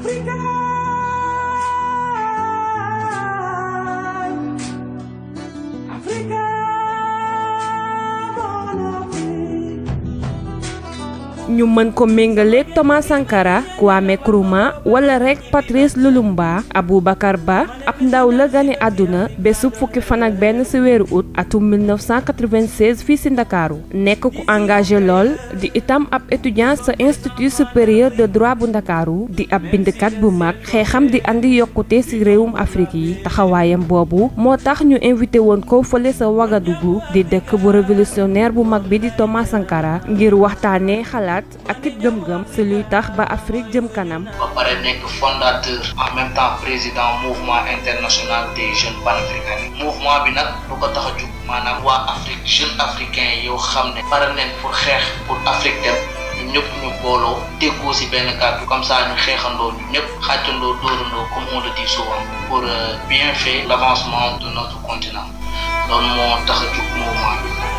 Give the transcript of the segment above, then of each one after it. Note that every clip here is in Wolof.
Africa. ñu mën ko méngaleeg Thomas Sankara Kwame Nkrumah wala rek Patrice Lumumba Aboubacar Ba ab ndaw la gane àdduna bésub fukki fan ak benn ci weeru août atum 1996 fii ci Ndakaaru nekk ku engagé lool di itam ab étudiant sa institut supérieur de droit bu Ndakaaru di ab bindkat bu mag xeexam di indi yokkute ci réewum Afrique yi taxawaayam boobu moo tax ñu invité woon ko fële sa Wagadugu di dëkk bu révolutionnaire bu mag bi di Thomas Sankara ngir waxtaanee xalaat xalaat ak it gëm-gëm si luy tax ba Afrique jëm kanam. ba pare nekk fondateur. en même temps président mouvement international des jeunes panafricains. mouvement bi nag lu ko tax a jug maanaam waa Afrique jeunes africains yow xam ne. pare nañ pour xeex pour Afrique dem. ñun ñëpp ñu booloo déggoo ci benn kàddu comme ça ñu xeexandoo ñëpp xàccandoo dóorandoo comme on le dit pour euh, bien faire l'avancement de notre continent loolu moo tax a mouvement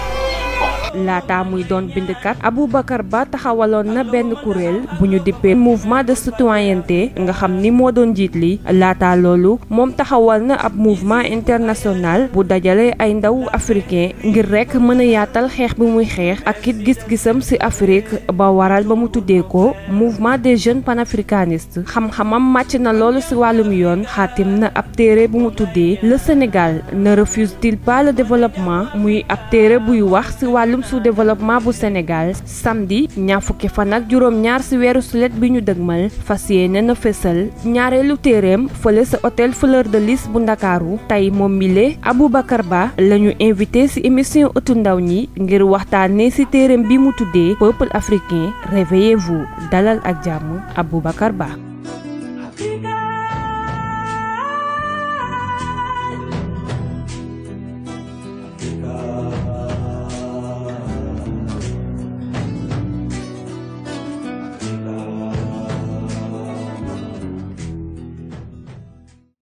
laata muy doon bindkat Aboubacar Ba taxawaloon na benn kuréel bu ñu dippee mouvement de citoyenneté nga xam ni moo doon njiit li laata loolu moom taxawal na ab mouvement international bu dajalee ay ndaw africain ngir rek mën a yaatal xeex bi muy xeex ak it gis-gisam ci Afrique ba waral ba mu tuddee ko mouvement des jeunes panafricanistes xam-xamam màcc na loolu ci wàllum yoon xaatim na ab téere bu mu tuddee le Sénégal ne refuse-t-il pas développement muy ab téere buy wax su sous-développement bu Sénégal samedi ñaar fukki fan ak juróom-ñaar ci weeru sulet bi ñu dëgmal fas yéene na fésal ñaareelu téeréem fële sa hôtel Fleur de Lys bu Ndakaaru tey moom mile Aboubacar Ba lañu ñu invité ci émission ëttu ndaw ñi ngir waxtaanee ci téeréem bi mu tuddee peuple africain réveillez-vous dalal ak jàmm Aboubacar Ba.